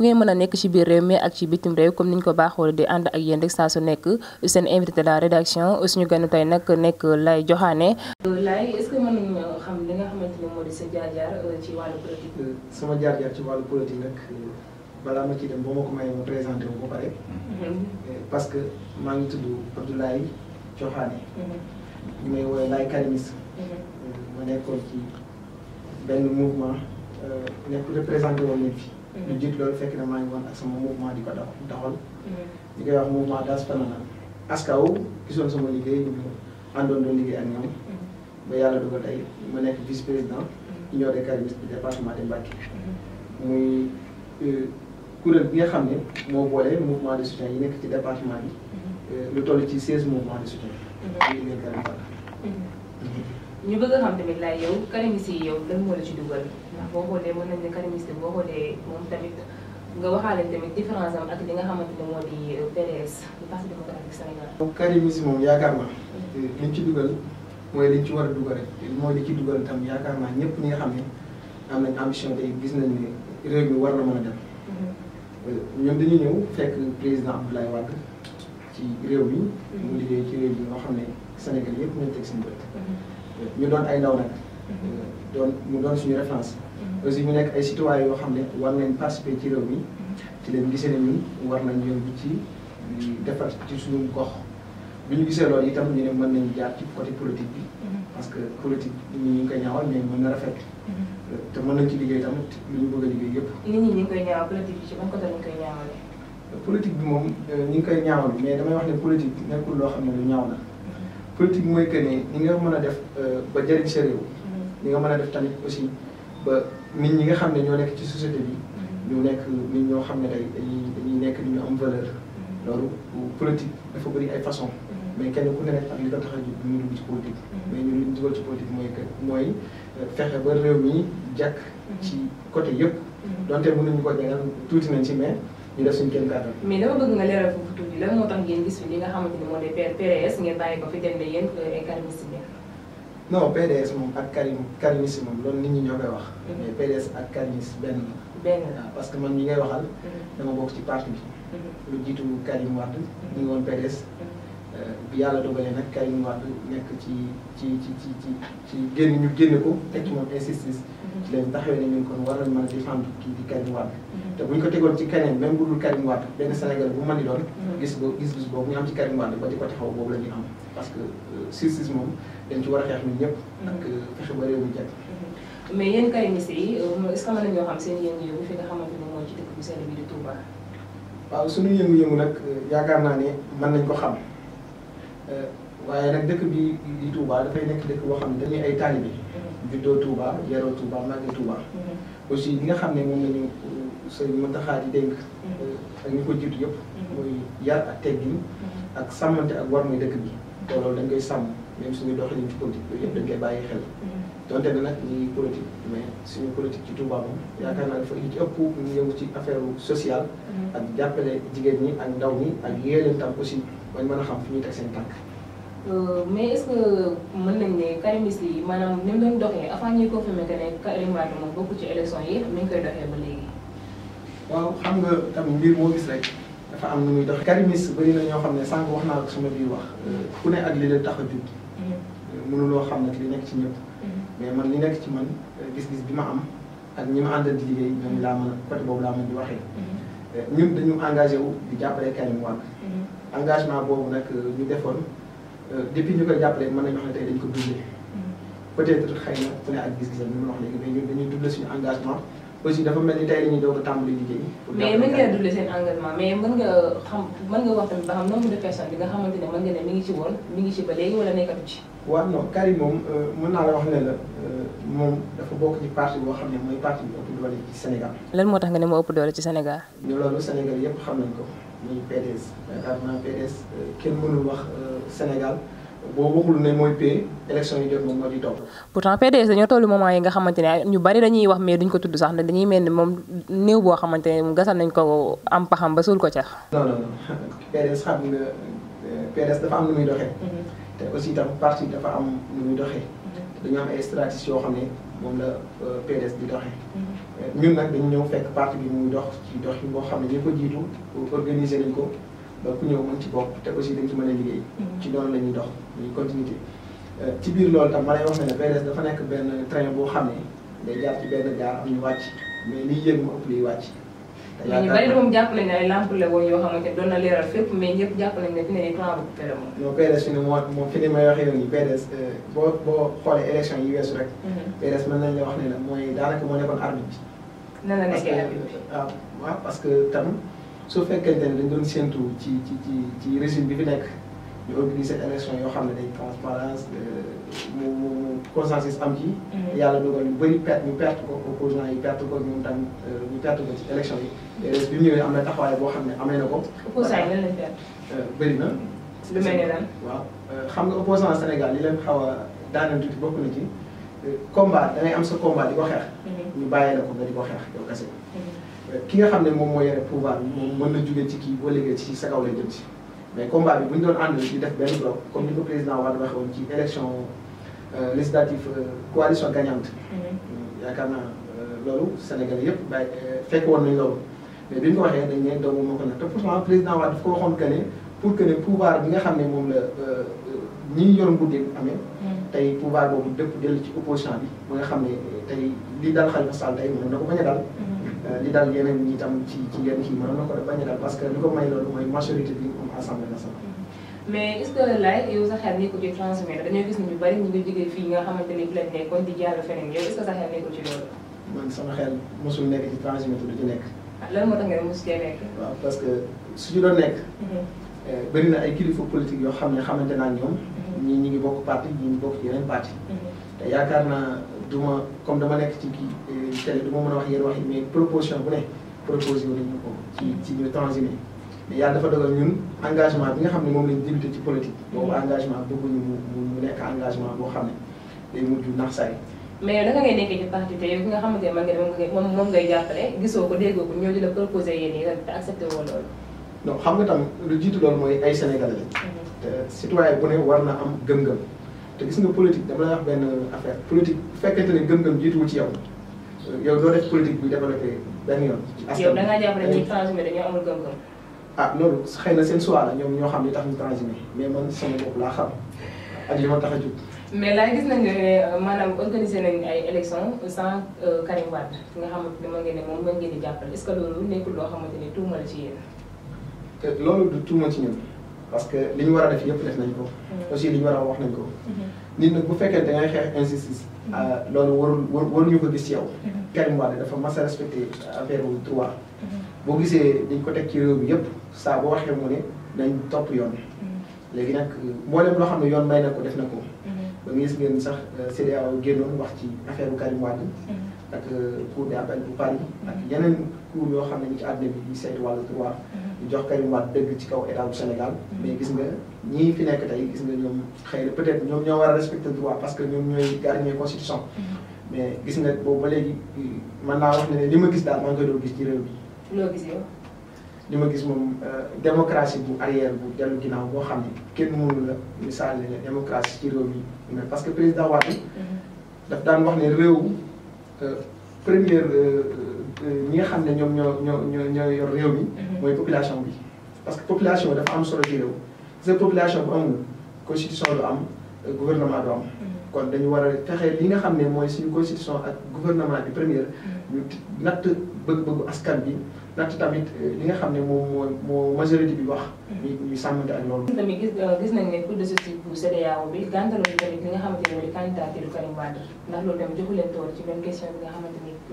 fu ngeen mën a nekk ci biir réew mi ak ci bitim réew comme niñ ko baaxoo di ànd ak yéen rek saa su nekk seen invité de la rédaction suñu ganu tey nag nekk Laye Diokhane. Laye est-ce que mën xam ne di sa jaar euh, ci wàllu politique. Euh, sama jaar-jaar ci wàllu politique nag euh, balaa ma ciy dem boo ma ko mayee ma présenté wu pare. Mm-hmm. parce que maa ngi tudd Abdoulaye Diokhane. Mm-hmm. ñu may woowee mm-hmm. ma nekkoon ci benn mouvement nekk représenté woon nañ fi. lu mhm. jiit loolu fekk na maa ngi woon ak sama mouvement di ko dox doxal. Mhm. ñu koy wax mouvement Das Fananan askaw gisoon sama liggéey ñu àndoon doon liggéey ak ñoom. Mhm. ba yàlla dugal tey ma nekk vice président. union des de du département de Mbacké. muy euh, kuréel bi nga xam ne moo boole mouvement de soutien yi nekk ci département bi. Euh, lu toll ci 16 mouvement de soutien. ñu ngi leen ñu bëgg a xam tamit laay yow karimistes yi yow lan moo la ci dugal. ndax boo xoolee mën nañ ne karimiste boo xoolee moom tamit nga waxaale tamit différence am ak li nga xamante ne moo di PDS di parti démocratique moom karimiste yaakaar naa. liñ ci mooy ci war a dugal rek mooy li ci dugal tam yaakaar naa ñëpp ñi nga xam ne am nañ ambition tey gis nañ ne réew mi war na mën a dem. Mm-hmm. Euh, ñoom dañuy ñëw fekk président Abdoulaye Wade ci réew mi. Mm-hmm. mu liggéey ci réew mi loo xam ne Sénégal yëpp ñoo teg seen mm-hmm. euh, ñu doon ay ndaw nag. doon mu doon suñu référence. Mhm. aussi ñu nekk ay citoyens yoo xam ne war nañ participer ci réew mi mhm. ci leen gisee ne ñun war nañ yoon bi ci defar ci suñu gox bi ñu gisee loolu itam ñu ne mën nañ jaar ci côté politique bi mhm. parce que politique ñu ngi koy ñaawal mais mën na rafet euh, te mën nañ ci liggéey tamit lu a liggéey yëpp. nit ñi ñu ngi koy ñaawal politique bi ci ban ñu moom euh, ñu ngi koy ñaawal mais damay wax ne politique nekkul loo xam ne lu ñaaw la politique mooy que ne ñi nga mën a def euh, ba jëriñ sa réew. ni nga mën a def tamit aussi ba nit ñi nga xam ne ñoo nekk ci société bi ñu nekk nit ñoo xam ne ay dañuy nekk nit ñu am valeur loolu politique dafa bëri ay façon mais kenn ku ne rek ak li ko tax a mais mooy mooy fexe ba réew mi jàkk ci côté yëpp donte mënuñu ko jagal tuuti nañ ci mais ñu def suñu kenn kàttan nga leeral foofu tuuti moo tax ngeen gis fi nga xamante ni moo di PRS ngeen bàyyi ko fi dem ne si non PDS moom ak Karim Karimiste moom loolu nit ñi ñoo koy wax. Mm-hmm. mais PDS ak Karimiste benn la. benn la waaw parce que man ñi ngay waxal. Mm-hmm. dama bokk ci parti bi. Mm-hmm. lu jiitu Karim Wade. ñu ngi woon euh, bi yàlla dogalee nag Karim Wade nekk ci ci ci ci ci génn ñu génn ko teg ci moom injustice. leen taxawee ne ñun kon war nañ mën a défendre kii di Karim Wade te bu ñu ko tegoon ci keneen même bu dul Karim Wade benn Sénégal bu mën di doon mm-hmm. gis bo gis-gis boobu ñu am ci Karim Wade ba di boobu la ñu parce que sursis euh, moom dañ ci war a xeex mi ñëpp ak mm-hmm. euh, fexe ba réew mi jàpp mm-hmm. mais yéen karimistes yi euh, est-ce que mën xam seen yëngu-yëngu fi nga xamante ni mooy ci dëkk bu sell bi di Touba waaw suñu yëngu-yëngu nag yaakaar naa ne mën nañ ko xam waaye nag dëkk bi di Touba dafay nekk dëkk xam ne dañuy ay taalibe juddoo Touba yaroo Touba màggee Touba. Mm-hmm. aussi li nga xam ne moom la ñu euh, sëñ Mountakha di dénk. Mm-hmm. ak ñu ko jiitu yëpp. muy mm-hmm. yar ak teggin. ak sàmmante ak war muy dëkk bi. loolu dañ koy sàmm même suñu doo ci politique yooyu dañ koy bàyyi xel. donte ne nag ñuy politique mais suñu politique ci Touba moom yaakaar naa dafa li ci ëpp ñu yëngu ci affaire sociale. ak jàppale jigéen ñi ak ndaw ñi ak yéeleen tam aussi bañ mën a xam fi ñu teg seen tànk. Euh, mais est-ce que mën nañ ne karimistes yi maanaam ni mu doon doxee avant ñuy moom bokk ci élection yi mi ngi koy doxee xam nga mbir moo gis dafa am nu muy doxee. karimiste bëri na ñoo xam ne sànq wax naa ko suma biir wax mm-hmm. ku ne ak li la tax a jug. Mm-hmm. mënuloo xam nag li nekk ci ñëpp. Mm-hmm. mais man li nekk ci man gis-gis bi ma am ak ñi ma àndal di liggéey ñoom boobu laa mën di waxee. Eh, ñun dañu engagé wu di jàppale Karim Wade. engagement boobu nag euh, ñu defoon. Euh, depuis ñu koy jàppale mën nañu wax ne tey dañ ko doublé mm. peut-être xëy na ku ne ak gis-gisam ni ma wax léegi mais ñun dañuy doublé suñu engagement aussi dafa mel ni tey la ñuy doog a tàmbali liggéey. mais mën nga doublé seen engagement mais mën nga xam mën nga wax tamit ba xam bi nga xamante ne mën mi ngi ci woon mi ngi ci ba léegi wala nekkatu ci. waaw non Karim moom euh, mën naa la wax ne la euh, moom dafa bokk ci parti boo xam ne mooy parti bi ëpp doole ci Sénégal. lan moo tax nga ne moo ëpp doole ci Sénégal. loolu Sénégal yëpp xam nañ ko. muy PDS yaakaar naa PDS euh, kenn mënul wax euh, Sénégal boo waxul ne mooy P élection yi jot moom moo di topp. pourtant PDS dañoo tollu moment yi nga xamante ne ñu bari dañuy wax mais duñ ko tudd sax ne dañuy mel ni moom néew boo xamante ne gasal nañ ko am paxam ba suul ko ca. non non non xam nga. PDS dafa am nu muy doxe mhm. te aussi tam parti dafa am nu muy doxee. Mhm. dañoo am ay stratégies yoo xam ne moom la euh, PDS di doxee. Mhm. Euh, ñun nag dañu ñëw fekk parti bi muy dox ci dox yi boo xam ne ñu ko jiitu organiser nañ ko ba ku ñëw mën ci bopp te aussi dañ ci mën a liggéey. ci noonu la ñuy dox muy continuité. Euh, ci biir loolu tam ma lay wax ne PDS dafa nekk benn train boo xam ne day jaar ci benn gaar am ñu wàcc mais lii yéeg mu ëpp liy wàcc. yaakaar naa bëri moom jàpp nañu ne ay lampe la woon yoo xamante ne doon na leeral fépp mais ñëpp jàpp nañu ne fi ne nii plan bu fi ne moo fi ne may wax yow nii PDS euh, boo boo xoolee élection yi weesu rek. Mhm. PDS mën nañu la wax la mooy daanaka moo nekkoon arbitre bi. nan la nekkee arbitre bi waaw ah, waaw parce que tam so fekkente e dañu doon séntu ci ci ci ci régime bi fi nekk. ñu organiser élection yoo xam ne day transparence mu mu consensus am ci. Mhm. yàlla dogal ñu bëri perte ñu perte ko opposants yi perte ko ñoom tam euh, ñu perte ko ci élection yi. bi mu ñëwee am na taxawaay boo xam ne amee na ko. opposants yi lan lañ perte. Euh, bëri na. lu mel ne lan. waaw euh, xam nga opposant Sénégal li leen xaw a daaneel tuuti bokk na ci combat da am sa combat di ko xeex. Mhm. ñu bàyyee la ko nga di ko xeex yow kese. Mhm. ki nga xam ne moom moo yore pouvoir bi moom mën na jugee ci kii boo liggéey ci sa kaw mais combat bi bu doon ànd di def benn bloc comme ni ko président Wade waxee woon ci élection euh, législative euh, coalition gagnante. Mhm. yaakaar naa euh, loolu Sénégal yëpp bàyyi fekk woon nañ loolu. mais bi ñu ko waxee dañ ne doomu moo ko nag te pourtant président Wade daf ko waxoon que ne pour que ne pouvoir bi nga xam ne moom la ñi yor nguur gi amee. Mhm. tey pouvoir boobu dëpp jël ci opposition bi ba nga xam ne tey li dal Khalifa Sall tey moom na ko bañ a dal. Mhm. li euh, daal yeneen ñi tam ci ci yenn kii mënoon na ko def bañ a dal parce que li ko may loolu mooy majorité bi mu am assemblée nationale. mais est-ce que lay yow sa xel nekkul ci transmettre dañoo gis ñu bari ñu ngi jógee fii nga xamante ni bu leen nekkoon di jàll feneen yow est-ce que sa xel nekkul ci loolu. man sama xel mosul nekk ci transmettre du ci nekk. ah loolu moo nga mosu cee nekk. waaw parce que su ñu doon nekk. Mhm. Euh, bëri na ay kilifa politique yoo xam ne xamante naa ñoom. ñii mhm. ñu ngi ñii ñu ngi bokk yeneen parti. Mhm. te yaakaar du comme dama nekk ci kii eh, télé du ma mën a wax yéen wax yi mais proposition bu ne proposé wu nañu ci ci ñu transhumé mais yàlla dafa dogal ñun engagement bi nga xam ne moom lañ débuté ci politique boobu engagement bëgguñu mu nekk engagement boo xam ne day mujj nax saay mais naka ngay nekkee ci parti te yow ki nga xamante ne man nga moom moom ngay jàppale gisoo ko déggoo ko ñoo di la proposé yéen yi te accepté loolu non xam nga tam lu jiitu loolu mooy ay sénégalais lañ mm-hmm. te na am gëm te gis nga politique dama lay wax benn affaire politique bu fekkente ne gëm-gëm jiituwu ci yow yow doo def politique bi développé benn yoon. askan yow da ngaa jàpp ne ñi transhumé dañoo amul gëm-gëm. ah loolu xëy na seen choix la ñoom ñoo xam li tax ñu transhumé mais man sama bopp laa xam ak tax a jóg. mais laay gis nañu ne euh, maanaam organisé nañu ay élections sans euh, Karim Wade nga xamante ne ma ngeen ne moom ma ngeen di jàppale est-ce que loolu nekkul loo xamante ni tuuma la ci yéen. loolu du tuuma ci ñun. parce que li ñu war a def yëpp def nañ ko. Mm-hmm. aussi li ñu war a wax nañ ko. Mm-hmm. nit nag bu fekkee da ngay xeex injustice. Mm-hmm. Ah, loolu warul waruñu ko di ci yow. Karim Wade dafa mas a respecté affaire wu droit. boo gisee dañ ko teg ci réew yëpp saa boo waxee mu ne nañ topp yoon. léegi nag euh, mboolem loo xam ne yoon may na ko def na ko. ba nga gis ngeen sax euh, CEDEAO génnoon wax ci affaire bu Karim Wade. ak euh, cour d'appel bu Paris. ak yeneen cour yoo xam ne ñu ci àddina bi ñu saytu wàllu droit. jox Karim Wade dëgg ci kaw état bu Sénégal. Mm-hmm. mais gis nga ñii fi nekk tey gis nga ñoom xëy na peut-être ñoom ñoo war a respecter parce que ñoom ñooy gardien constitution. Mm-hmm. mais gis nga boobu ba léegi mën naa wax ne li ma gis daal maa ngi koy doon gis ci réew mi. loo gis yow. li ma gis moom euh, démocratie bu arrière bu dellu ginnaaw boo xam ne kenn mënu la misaal ne démocratie ci réew mi mais parce que président Wade. Mm-hmm. daf daan wax ne réew euh, première. Euh, ñi nga xam ne ñoom ñoo ñoo ñoo ñoo yor réew mi. Mhm. mooy population bi. parce que population dafa am solo ci réew. sa population bu amul constitution du am euh, gouvernement du am. Mhm. kon dañu war a fexe li nga xam ne mooy suñu constitution ak gouvernement bi première. Mhm. ñu natt bëgg askan bi natt tamit euh, li nga xam ne moo moo majorité bi wax. ñu ñu sàmmante loolu. tamit gis euh, ne cour de justice bu CEDEAO bi gàntaloo tamit li nga xamante ne mooy candidature Karim Wade ndax loolu tamit joxu leen tool ci benn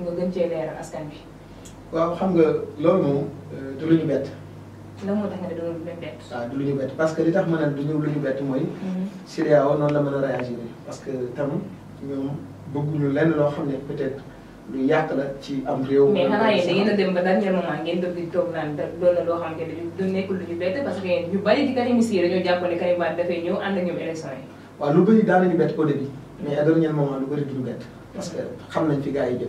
nga gën cee leeral askan bi. waaw xam nga loolu moom euh, du lu ñu bett. lan ah, lu ñu bett. waaw parce que li tax ma ne du ñu lu ñu bett mooy. Mhm. CEDEAO noonu la mën a réagir parce que tam ñoom bëgguñu lenn loo xam ne peut-être. lu yàq la a dem ba na parce que ñu bari ci Karim Sy dañoo jàpp ne Karim Wade dafay ñëw ànd ak ñoom élection yi. waaw lu bëri daan nañu bett au début mais à dernier moment lu bëri du bett parce que xam nañ fi gars yi jëm.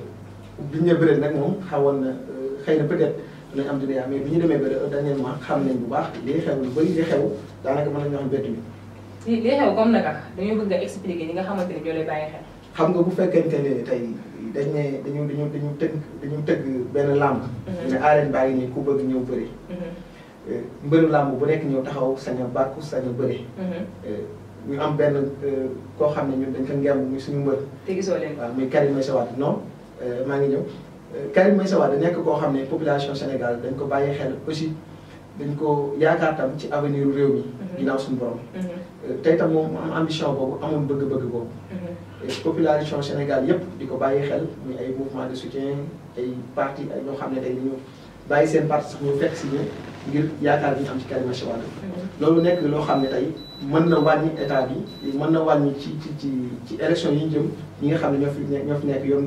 bi ñu nee bëre nag moom xawoon na euh, xëy na peut-être lañ am dina yaa mais bi ñu demee bëre euh, xam nañ bu baax liy xew lu bëri liy xew daanaka mën nañu wax bett bi. li liy xew comme naka dañoo bëgg nga expliquer ñi nga xamante ne ñoo lay bàyyi xam nga bu fekkente ne tey dañ ne dañu dañu dañu tëgg dañu tëgg benn làmb. Mhm. ne arène baa ngi nii ku bëgg ñëw bëri. Mhm. Euh, mbëru làmb bu nekk ñëw taxaw sañ a bàkku sañ mhm. ñu am benn koo xam ne ñun dañ ko ngemb suñu mbër. te gisoo leen waaw muy Karim Meïssa Wade non. Euh, maa ngi ñëw euh, Karim Meïssa Wade nekk koo xam ne population Sénégal dañ ko bàyyi xel aussi dañ ko yaakaar tam ci avenir réew mi. Mhm. ginnaaw suñu borom. Mhm. Euh, tey tam moom am ambition boobu amoon bëgg-bëgg boobu. Mhm. population Sénégal yépp di ko bàyyi xel muy ay mouvement de soutien ay parti ay ñoo xam ne tey ñu bàyyi seen parti sax ñu fekk si ngir yaakaar bi ñu am ci Karim loolu nekk loo xam ne tey mën na wàññi état bi mën na wàññi ci ci ci ci élection yi ñu nga xam ñoo fi ñoo nekk yoon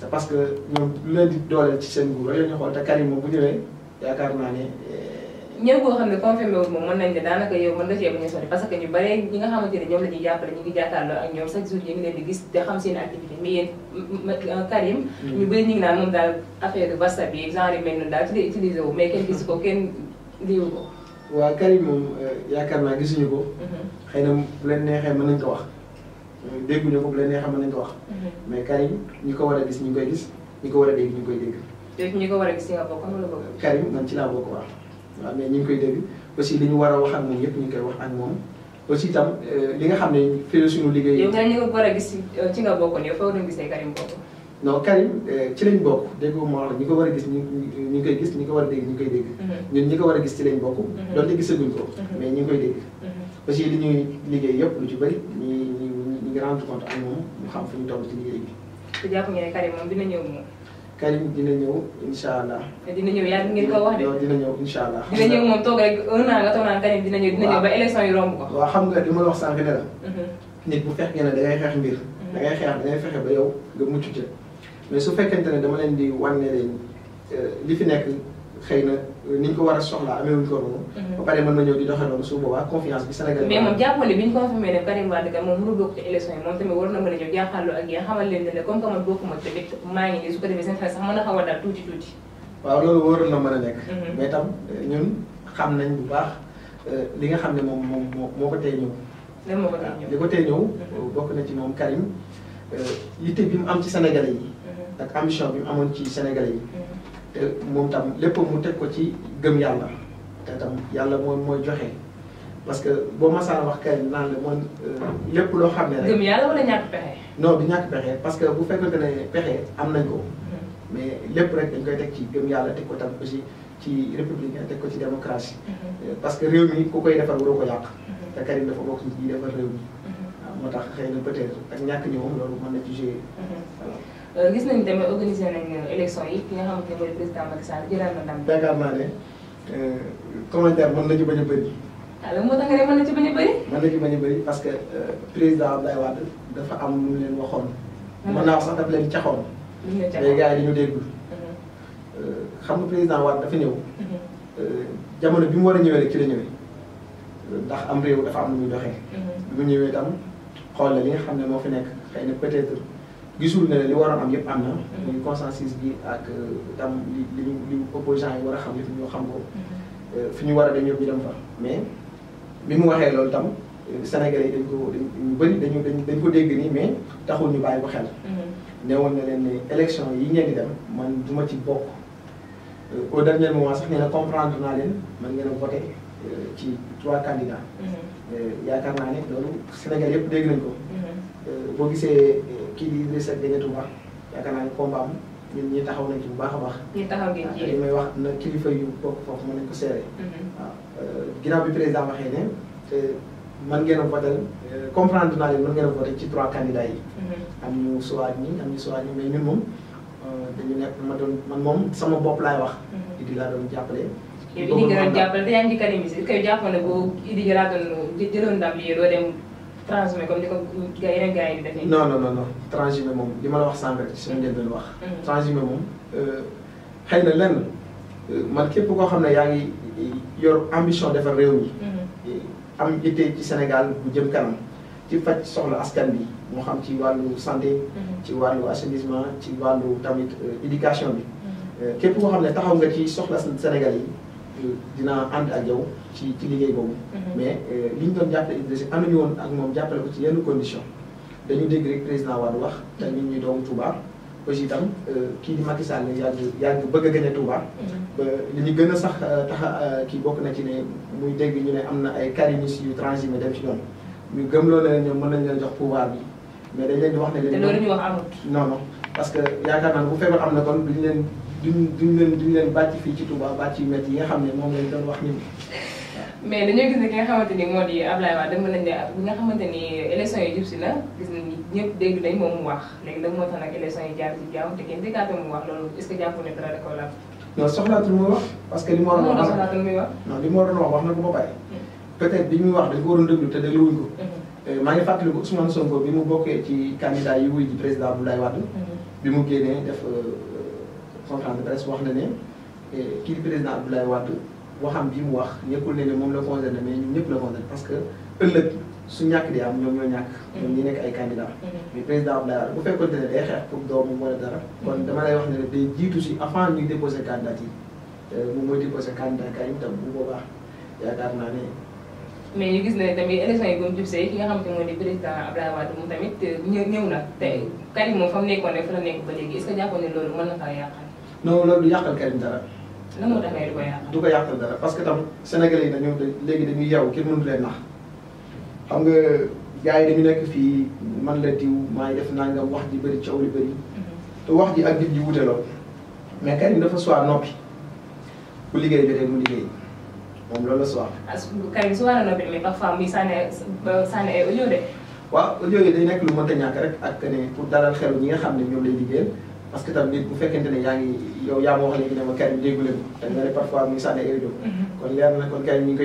te parce que ñoom lu leen di dooleel ci seen nguur rek la ñuy xool te Karim moom bu ñëwee yaakaar naa ne. Eh, ñëw boo xam ne confirmé wu moom mën nañ ne daanaka yow mën nga cee bañ a sori parce que ñu bare ñi nga xamante ne ñoom la ñuy jàppale ñu ngi jàkkaarloo ak ñoom chaque jour ñu ngi leen di gis te xam seen activité mais yéen euh, Karim. Mm. ñu bëri ñu ngi naan moom daal affaire WhatsApp yi genre yu mel noonu daal ci di utilisé wu mais kenn gisu ko kenn liiwu ko. waaw Karim moom euh, yaakaar naa gisuñu ko. Mm-hmm. xëy na bu leen neexee mën nañ ko wax dégguñu ko bu leen nee xam nañ ko wax. Mhm. mais Karim ñi ko war a gis ñu ngi koy gis ñi ko war a dégg ñu ngi koy dégg. dégg ñi ko war a gis nga bokk wala bokk. Karim man ci laa bokk waaw. waaw mais ñu ngi koy dégg aussi li ñu war a wax ak moom yëpp ñu ngi koy wax ak moom aussi itam euh, li nga xam ne fii la suñu liggéey. yow nga ñu ko war a gis ci euh, nga bokkoon yow foo doon gisee Karim bokk. non Karim euh, ci lañ bokk dégg nga moo wax ñi ko war a gis ñu ñu ngi koy gis ñi ko war a dégg ñu ngi koy dégg. Mhm. ñun ñi ko war a gis ci lañ bokk. Mhm. donte gisaguñ ko. mais ñu ngi koy dégg. aussi li ñuy liggéey yëpp lu ci bëri ñu ñu ngi rendre compte ak moom ñu xam fu ñu toll ci liggéey bi. te jàpp nga ne moom dina ñëw moom. Karim dina ñëw incha allah. dina ñëw yaa ngeen ko ñëw incha allah. dina ñëw moom toog rek un an nga toog naan dina ñëw dina ñëw ba élection yi romb ko. waaw xam nga li ma wax sànq ne la. Mhm. nit bu fekkee ne da ngay xeex mbir. Mhm. da xeex da fexe ba yow nga mucc ca mais su fekkente ne dama leen di wan ne euh, li fi nekk xëy na euh, ni ñu ko war a soxlaa amee wuñ ko noonu. Mhm. ba pare mën na su boobaa confiance bi Sénégal. mais moom jàppoon ne bi ñu confirmé ne Karim Wade kat moom mënul bokk ci élection yi moom tamit war na mën a ñëw jàkkaarloo ak yéen xamal leen ne comme que man bokkuma tamit maa ngi nii su ko defee seen xel sax mën na xaw a daal tuuti tuuti. waaw na mën a nekk. Mhm. mais tam euh, xam nañ bu baax euh, li nga xam ne moom moom moo ko tey ñëw. lan moo ko tey ñëw li ko tey ñëw. Mhm. bokk na ci moom Karim yitte bi mu am ci Sénégalais yi. ak ambition bi amoon ci Sénégalais yi te moom tam lépp mu teg ko ci gëm yàlla te tam yàlla mooy mooy joxe parce que boo masaan wax kay naan la moom euh, lépp loo xam ne rek. gëm yàlla wala ñàkk pexe. non du ñàkk pexe parce que bu fekkente ne pexe am nañ ko. Mm-hmm. mais lépp rek dañ koy teg ci gëm yàlla te ko tam aussi ci république te ko ci démocratie. Mm-hmm. Euh, parce que réew mi ko koy defar waroo ko yàq. Mm-hmm. te Karim dafa bokk ci ñi defar réew mi. waaw moo tax xëy na peut-être ak ñàkk ñëwam loolu mën na ci Euh, gis nañu tamit organisé nañu élection yi ki a xamante ne mooy président Macky Sall jëlaat na ndam. yaakaar naa ne euh, commentaire mën na ci bañ a bëri. alors ah, moo tax nga ne mën na ci bañ a bëri. mën na ci bañ a bëri parce que euh, président dafa am lu leen waxoon. mën naa wax sax daf leen caxoon. lu ñu caxoon mais gars yi dañu mhm. xam nga président Wade dafa ñëw. Mhm. jamono bi mu war a ñëwee rek ci la ñëwee ndax am réew dafa am lu muy doxee. Mhm. bu ñëwee itam xool la li nga xam ne moo fi nekk xëy na peut gisul ne li waroon am yëpp am na. muy consensus bi ak euh, tam li li li yi war a xam yëpp ñoo xam ko. Euh, fi ñu war a dem yëpp ñu dem fa mais bi mu waxee loolu tam euh, Sénégalais yi dañ ko dañ bëri dañu dañ ko dégg nii mais taxul ñu bàyyi ko xel. Mm-hmm. ne woon na leen ne élection yi ngeen di dem man duma ci bokk au dernier moment sax nee na comprendre naa leen man ngeen a voté ci trois candidats. Mm-hmm. yaakaar naa ne loolu Sénégal yëpp dégg nañ ko. Mm-hmm. boo gisee. kii di Idrissa Gana Touba yaakaar naa ne combat am ñun ñi taxaw nañ ci bu baax a baax. ñi taxaw ngeen ci may wax na kilifa yu bokk foofu mën nañ ko seere. Mhm. waaw euh, ginnaaw bi président waxee ne te man ngeen a voté euh, comprendre naa leen mën ngeen a voté ci trois candidats yi. Mhm. am ñu suwaat ñi am ñu suwaat ñi mais ñun moom euh, dañu nekk ma doon man moom sama bopp laay wax. Mhm. Idi laa doon jàppale. yow Idi nga jàppale te yaa ngi ci kanam kay jàppale boo Idi nga laa doon jëloon ndam transhumé comme ni ko yeneen gars moom li ma la wax sànq rek ci suñu njëlbeen wax. Mm-hmm. transhumé moom euh, xëy na lenn euh, man képp koo xam ne yaa ngi yor ambition defar réew mi. Mm-hmm. Euh, am ittee ci Sénégal bu jëm kanam ci faj soxla askan bi moo xam ci wàllu santé. Mm-hmm. ci wàllu assainissement ci wàllu tamit éducation bi. képp koo xam ne taxaw nga ci soxla Sénégal yi dina ànd ak yow. ci ci liggéey boobu. Mm-hmm. mais euh, li ñu doon jàppale Idrissa am nañu woon ak moom jàppale ko ci yenn condition dañu dégg rek président Wade wax te nit ñi doomu Touba tam euh, kii di Macky Sall yàgg yàgg bëgg a gagné Touba. Mm-hmm. ba li ñu gën a sax euh, tax kii bokk na ci ne muy dégg ñu ne am na ay karimis yu transhumé dem ci noonu ñu gëm loolu la ñoom mën nañu leen jox pouvoir bi mais dañ leen di wax ne. leen loolu ñu wax amut. non non parce que yaakaar naa bu feebar am na kon duñ duñ leen duñ leen bàcc fii ci Touba bàcc yu métti yi nga xam ne moom lañ doon wax ñun. mais dañoo gis ne ki nga xamante ni moo di Ablaye Wade mën nañ ne bi nga xamante ni élection yi jub si na gis nañ ñëpp dégg nañ moom mu wax léegi nag moo tax nag élection yi jaar ci jàmm te kenn déggaate mu wax loolu est-ce que jàpp ne dara da ko laal. non soxlaatul muy wax. parce que li mu waroon wax non li mu waroon wax wax na ko ba pare. Mm-hmm. peut-être bi muy wax dañ ko waroon déglu te dégluwuñ ko. Mm-hmm. Euh, maa ngi fàttaliku bi mu bokkee ci candidat yi wuy ji président Abdoulaye Wade. Mm-hmm. bi mu génnee def. Euh, conférence de presse wax na ne eh, kii di président Abdoulaye Wade waxam bi mu wax nekkul ne ne moom la concerné mais ñun ñëpp la parce que ëllëg su ñàkk di am ñoom ñoo ñàkk. ñoom nekk ay candidats. Mm-hmm. Mm-hmm. mais président Abdoulaye Wade bu fekkoon ne day xeex pour mm-hmm. wax jiitu si avant ñuy déposer candidature euh, moom mooy déposer candidat Karim tam bu boobaa yaakaar naa ne. mais ñu gis ne tamit élection yi ba mu jub see moo di président Abdoulaye euh, ñëw na te Karim moom fa mu nekkoon rek la nekk ba léegi est que jàppoon loolu mën na faa yàqal. non loolu du yàqal Karim dara. nan moo demee du ko yàqal. du ko yàqal dara parce que tam Sénégalais yi dañoo léegi dañuy yow kenn mënu leen nax xam nga gars yi dañu nekk fii man la diw maay def nangam wax ji bëri coow li bëri. Mhm. te wax ji ak diw ji wute lool. mais Karim dafa soit noppi bu liggéey jotee mu liggéey moom loolu la soit. as Karim su waroon a noppi mais parfois muy sànni ba sànni ay audio de. waaw audio yi nekk lu mënta ñàkk rek ak ne pour dalal xelu ñi nga xam ne ñoom lay liggéeyal. parce que tam nit bu fekkente ne yaa ngi yow yaa ma wax léegi ne ma Karim déggu leen ko te parfois muy sànni ay rajo mhm. kon leer na kon Karim ñu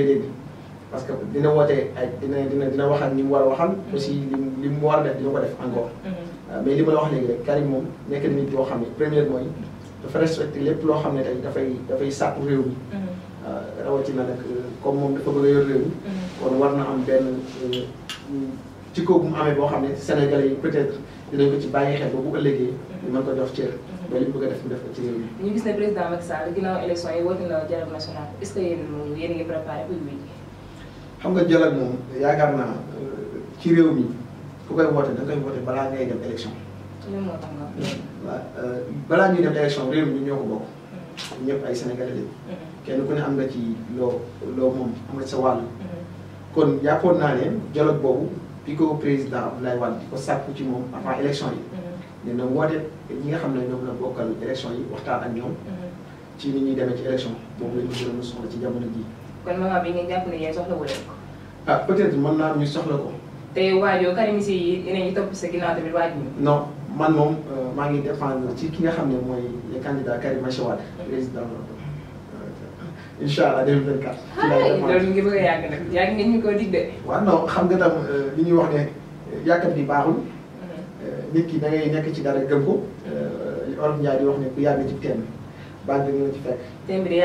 parce que dina woote ay dina dina dina ni mu war a mhm. li mu li mu war mhm. euh, li ma la wax léegi rek Karim moom nekk na nit yoo xam première mooy dafa respecté lépp loo xam ne tey dafay dafay sàkku réew mi euh, rawatina nag euh, moom dafa bëgg a réew mi kon war na am benn jikko bu mu amee boo xam ne Sénégalais yi dinañ ko ci bàyyi xel ba bu ëllëgee ñu mën ko jox cër ba li mu bëgg def mu def ko ci réew mi ñu gis ne président Macky Sall ginnaaw élection yi woote na dialogue national est-ce que yéen yéen ngi préparé pour wuy nga dialogue moom yaakaar naa euh, ci réew mi ku koy woote da nga koy woote balaa ngay dem élection waaw euh, balaa ñuy dem élection réew mi ñoo ko bokk mm-hmm. ñëpp ay sénégalais mm-hmm. kenn ku ne am nga ci loo loo moom am nga ci sa wàll mm-hmm. kon yàppoon naa ne dialogue boobu bi ko président Abdoulaye Wade di ko sàkku ci moom avant élection yi. Mhm. nee na woote ñi nga xam ne ñoom la bokkal élection yi waxtaan ak ñoom. Mhm. ci ni ñuy demee ci élection boobu la ñu gënoon soxla ci jamono ji. kon moment bi ngeen jàpp ne yéen soxla wu ko. ah peut-être mën naa am ñu soxla ko. te waajoo Karim Sy yi dinañu topp sa ginnaaw tamit waaj ñu. non man moom euh, maa ngi dépendre ci ki nga xam ne mooy le candidat Karim Meïssa Wade mhm. président. incha allah 2024. ci laay loolu ngi bëgg a yàgg nag yàgg ngeen ñu ko dig de. waaw non xam nga tam euh, li ñuy wax ne euh, yàkkam di baaxul. Mm-hmm. Euh, nit ki da ngay nekk ci dara gëm ko. Olof Ndiaye di wax ne ku yàgg ci teen bi bànq dina ci fekk. teen bi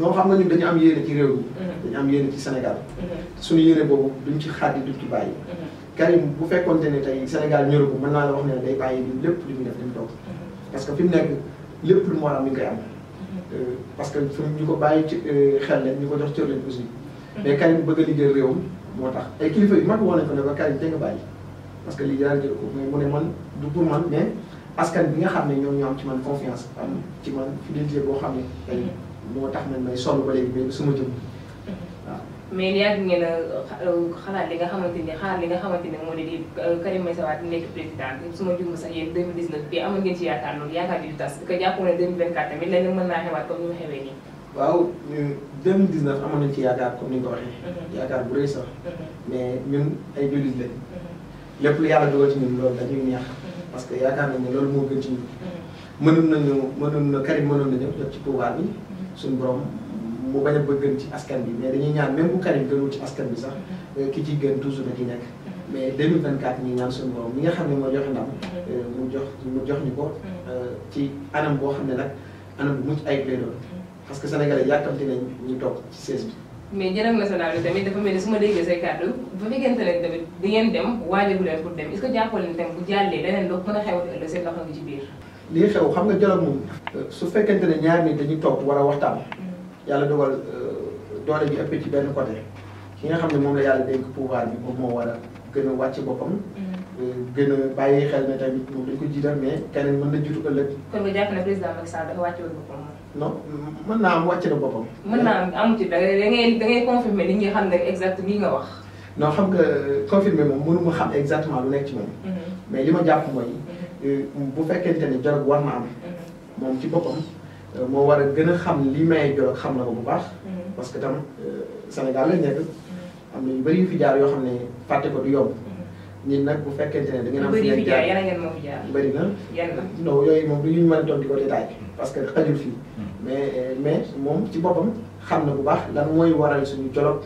noo xam nga ñun dañu am yére ci réew mi. Mm-hmm. dañu am yéene ci senegal mm-hmm. suñu yére boobu duñ ci xàddi duñ ci bàyyi. Karim bu fekkonte ne tey Sénégal ñëru ko mën naa la wax ne day bàyyi lépp lu muy def dem toog parce que fi mu nekk lépp l mu war mi ngi koy am Euh, parce que suñu ñu ko bàyyi ci euh, xel leen ñu ko jox cër leen aussi. Mhm. mais Karim bëgg a liggéey réewam moo tax ay kilifa yu mag woo nañ ko ne ba Karim te nga bàyyi. parce que lii daal jël ko mais mu ne man du pour man mais askan bi nga xam ne ñoom ñoo ti ci man confiance am ci man fidélité boo xam ne. Mhm. moo tax man may sonn ba léegi mais du jëm mhm. mais yàgg ngeen a xalaat li nga xamante ni xaar li nga xamante ni moo di di euh, Karim Meïssa Wade nekk président su ma juum sax yéen 2019 bi amoon ngeen ci yaakaar loolu yaakaar yu tas que jàpp ne 2024 tamit leneen mën naa xewaat comme ni xewee nii. waaw 2019 amoon nañ ci yaakaar comme ni nga ko waxee. Mhm. yaakaar bu rëy sax. Mhm. mais ñun ay jullit lañ. Mhm. lépp lu yàlla dogal ci ñun loolu dañuy neex. parce que yaakaar nañ ne loolu moo gën ci ñun. mënoon nañu mënoon na Karim mënoon na ñëw jot ci pouvoir bi suñu mu bañ a bëgg ci askan bi mais dañuy ñaan même bu Karim gënul ci askan bi sax euh, ki ci gën toujours da ci nekk mais 2024 ñu ñaan suñu borom mi nga xam ne moo joxe ndam euh, mu jox mu jox ñu ko euh, ci anam boo xam ne nag anam bu mucc parce que sénégalais yàkkamti nañ ñu toog ci siège bi mais jërëm national bi tamit dafa mel ni su ma déggee say kàddu bu fekkente ne tamit di ngeen dem waajagu leen pour dem est-ce que jàppoo leen tam bu jàllee leneen loo mën a xewati ëllëg seen loxo ngi ci biir lii xew xam nga jëlal moom su fekkente ne ñaar nit dañuy toog war a waxtaan yàlla dogal euh, doole ji ëpp ci benn côté ki nga xam ne moom la yàlla dénk pouvoir bi moom moo war a gën a wàcc boppam. Mm-hmm. Euh, gën a bàyyi xel ne tamit moom dañ ko jiital mais keneen mën na jiitu ëllëg. kon nga jàpp ne président Macky Sall dafa wàcce woon boppam. non mën am wàcc na boppam. mën naa am amu ci da ngay da ngay confirmer li nga xam ne exact lii nga wax. noo xam nga confirmer moom mënu ma xam exactement lu nekk ci moom. Mm-hmm. mais li ma jàpp mooy. Mm-hmm. Euh, bu fekkente ne jarul war ma am. moom ci boppam. Euh, moo war a gën a xam li may Jolof xam na ko bu baax. Mm-hmm. parce que tam euh, Sénégal la nekk. Mm-hmm. am na yu bëri yu yoo xam ne fàtte ko du yomb. ñun mm-hmm. nag bu fekkente ne da ngeen am. fi ngeen jaar yu bëri na. non yooyu moom du ñu mën a toog di ko détaillé. parce que xajul fii. mais euh, mais moom ci boppam xam na bu baax lan mooy waral suñu Jolof.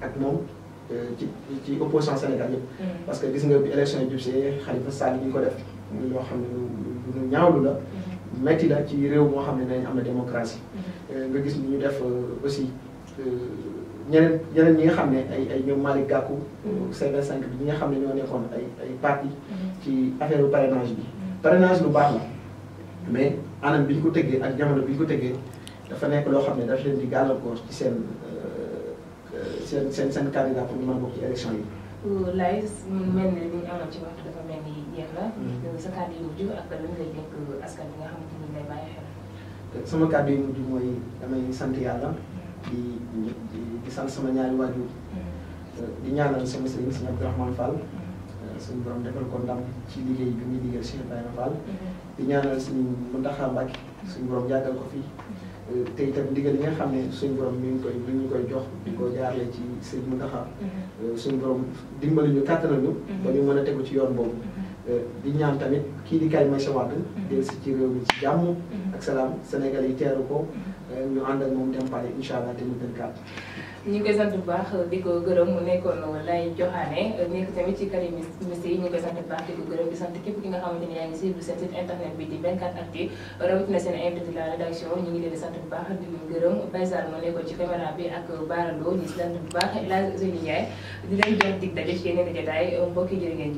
ak moom ci ci opposition Sénégal yëpp. parce que gis nga bi élection yi jub see Khalifa Sall ñu ko def. loo xam ne la. metti la ci réew moo xam ne nañ am na démocratie mm-hmm. euh, nga gis ni ñu def euh, aussi euh, ñeneen ñeneen ñi nga xam ne ay ay ñoom Malick Gakou mm-hmm. C25 bi ñi nga xam ne ñoo nekkoon ay ay parti mm-hmm. ci affaire u parrainage bi parrainage lu baax la mais anam bi ñu ko tëggee ak jamono bi ñu ko tëggee dafa nekk loo xam ne daf leen di gàllankoor ci seen seen seen seen candidat pour ñu mën a bokk ci élection yi Laye mel na li ñu amoon ci waxtu dafa mel ni jeex mm. sa kàddu yu mujj ak lan ngay dénk askan bi nga xamante ni lay bàyyi xel. sama kàddu yu mujj mooy damay sant yàlla di di sant sama ñaari waajur mm. di ñaanal sama sëriñ sëñ Abdourahmane Fall. Mm. Eh, suñu borom defal ko ndam ci liggéey bi muy liggéeyal Cheikh Ibrahima Fall. Mm-hmm. di ñaanal suñu Mountakha Mbacké suñu borom yàggal ko fii. Mm-hmm. te itam ndigal yi nga xam ne suñu borom mi ngi koy mi ngi koy jox di ko jaarle ci sëñ Mountakha mhm. euh, suñu borom dimbali ñu kàttanal ñu mhm. ba ñu mën a tegu ci yoon boobu mhm. euh, di ñaan tamit kii di Karim Meïssa Wade del si ci réew mi ci jàmm ak salaam Sénégal yi teeru ko euh, ñu ànd ak moom dem Paris incha allah 2024 ñu ngi koy sant bu baax di ko gërëm mu nekkoon lay joxaane nekk tamit ci kari ministère yi ñu ngi koy sant bu baax di ko gërëm di sant képp ki nga xamante ni yaa ngi suivre seen site internet bi di 24actu rawatina seen invité de la rédaction ñu ngi leen di sant bu baax di leen gërëm Baysar moo nekkoon ci caméra bi ak Barando ñu si sant bu baax El Hadj Ousseynou Ndiaye di leen jox dig daje ci yeneen jotaay